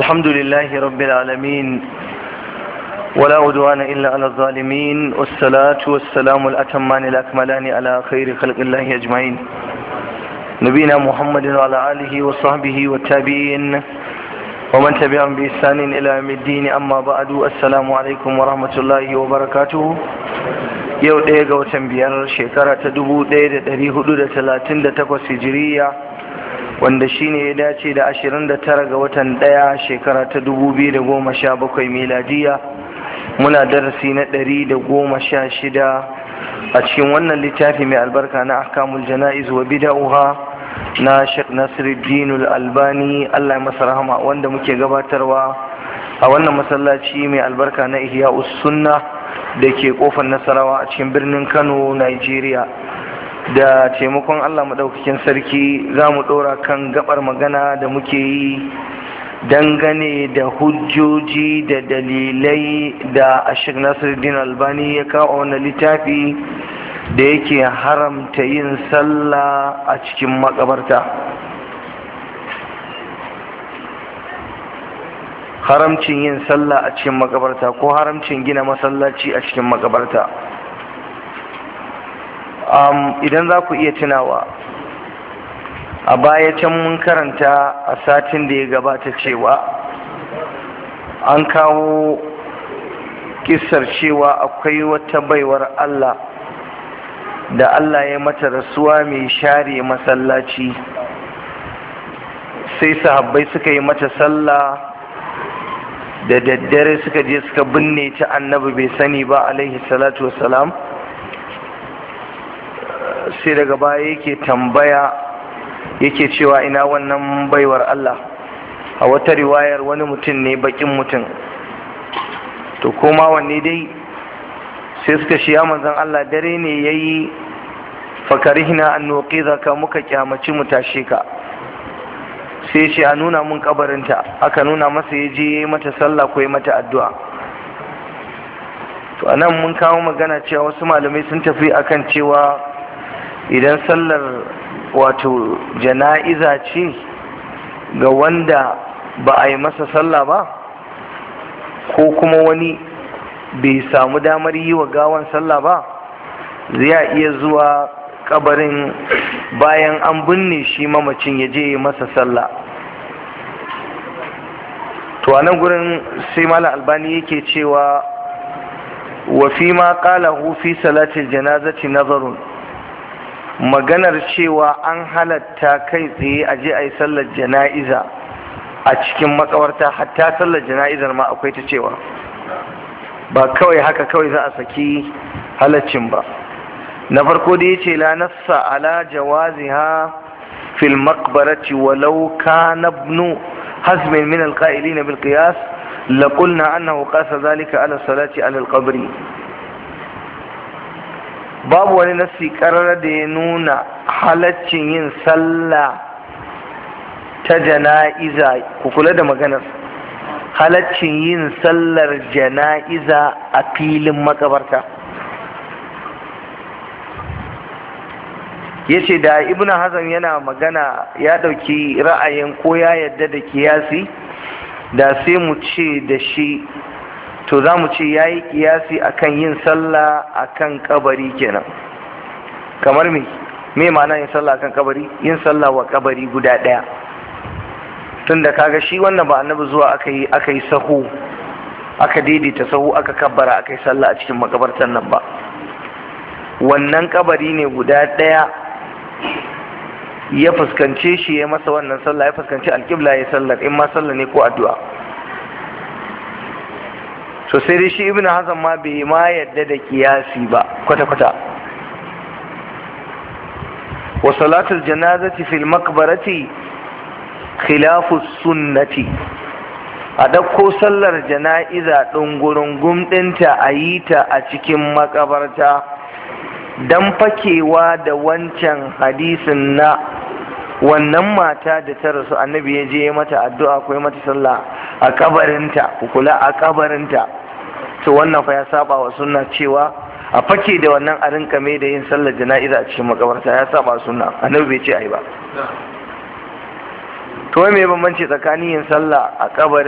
الحمد لله رب العالمين ولا عدوان إلا على الظالمين والصلاة والسلام الأتمان الأكملان على خير خلق الله أجمعين نبينا محمد وعلى آله وصحبه والتابعين ومن تبعهم بإحسان إلى يوم الدين أما بعد السلام عليكم ورحمة الله وبركاته يو ديغا وتنبيار شكرة دبو دير دريه دودة تلاتين دتكو سجرية wanda shi ne ya dace da ashirin da tara ga watan ɗaya shekara ta 2017 miladiya muna darasi na ɗari sha shida. a cikin wannan littafi mai albarka na ahkamul jana'iz wa bida'uha na Sheikh Nasiruddin Al-Albani Allah masa rahama wanda muke gabatarwa a wannan masallaci mai albarka na Ihya Sunna da ke kofar Nasarawa a cikin birnin Kano, Nigeria da taimakon Allah maɗaukakin sarki za mu ɗora kan gabar magana da muke yi dangane da hujjoji da dalilai da ashik nasiruddin albani ya kawo wani littafi da yake haramta yin sallah a cikin makabarta haramcin yin sallah a cikin makabarta ko haramcin gina masallaci a cikin makabarta idan za ku iya tunawa a baya can mun karanta a satin da ya gabata cewa an kawo kisar cewa akwai wata baiwar Allah da Allah ya mata rasuwa mai share masallaci sai sahabbai suka yi mata sallah da daddare suka je suka binne ta annabi bai sani ba alaihi salatu wasalam salam sai daga baya yake tambaya yake cewa ina wannan baiwar Allah a wata riwayar wani mutum ne bakin mutum to koma wanne dai sai suka shiya manzan Allah dare ne ya yi fakarihina an ka muka kyamaci mu tashe ka sai shi a nuna mun kabarinta aka nuna masa ya je mata sallah ko ya mata addu'a to anan mun kawo magana cewa wasu malamai sun tafi akan cewa idan sallar wato jana'iza ce ga wanda ba a yi masa sallah ba ko kuma wani bai samu damar yi wa gawan sallah ba zai iya zuwa kabarin bayan an binne shi mamacin ya je masa sallah to a nan gurin sai mala albani yake cewa wa fi ma kala hufi salatil janazati nazarun maganar cewa an halatta kai tsaye a je a yi sallar jana'iza a cikin makawarta hatta sallar jana'izar ma akwai ta cewa ba kawai haka kawai za a saki halaccin ba na farko da ya ce la nassa ala jawaziha fil makbarati walau kana ibn hazmin min alqa'ilin bil qiyas la annahu qasa zalika ala salati ala al babu wani nasi karar da ya nuna halaccin yin sallah ta jana'iza ku kula da maganar halaccin yin sallar jana'iza a filin makabarta ya ce da ibn hazan yana magana ya ɗauki ra'ayin ko ya yadda da kiyasi da sai mu ce da shi to za mu ce ya yi kiyasi a kan yin sallah a kan kabari kenan kamar me me mana yin sallah a kan kabari yin sallah wa kabari guda ɗaya tun da kaga shi wannan ba annabi zuwa aka yi aka yi sahu aka daidaita sahu aka kabbara aka yi sallah a cikin makabartar nan ba wannan kabari ne guda ɗaya ya fuskance shi ya masa wannan sallah ya fuskanci alƙibla ya sallar in ma sallah ne ko addu'a to sai dai shi ibn hazan ma bai ma yadda da kiyasi ba kwata-kwata wa salatul janazati fil makbarati khilafu sunnati a ɗauko sallar jana'iza gurin gumɗinta a yi ta a cikin makabarta don fakewa da wancan hadisin na wannan mata da ta rasu annabi ya je mata addu'a ko mata sallah a kabarinta kula a kabarinta to wannan fa ya saba wa sunna cewa a fake da wannan a rinka mai da yin sallar jana'iza a cikin makabarta ya saba wa sunna annabi bai ce ai ba to me bambanci tsakanin yin sallah a kabari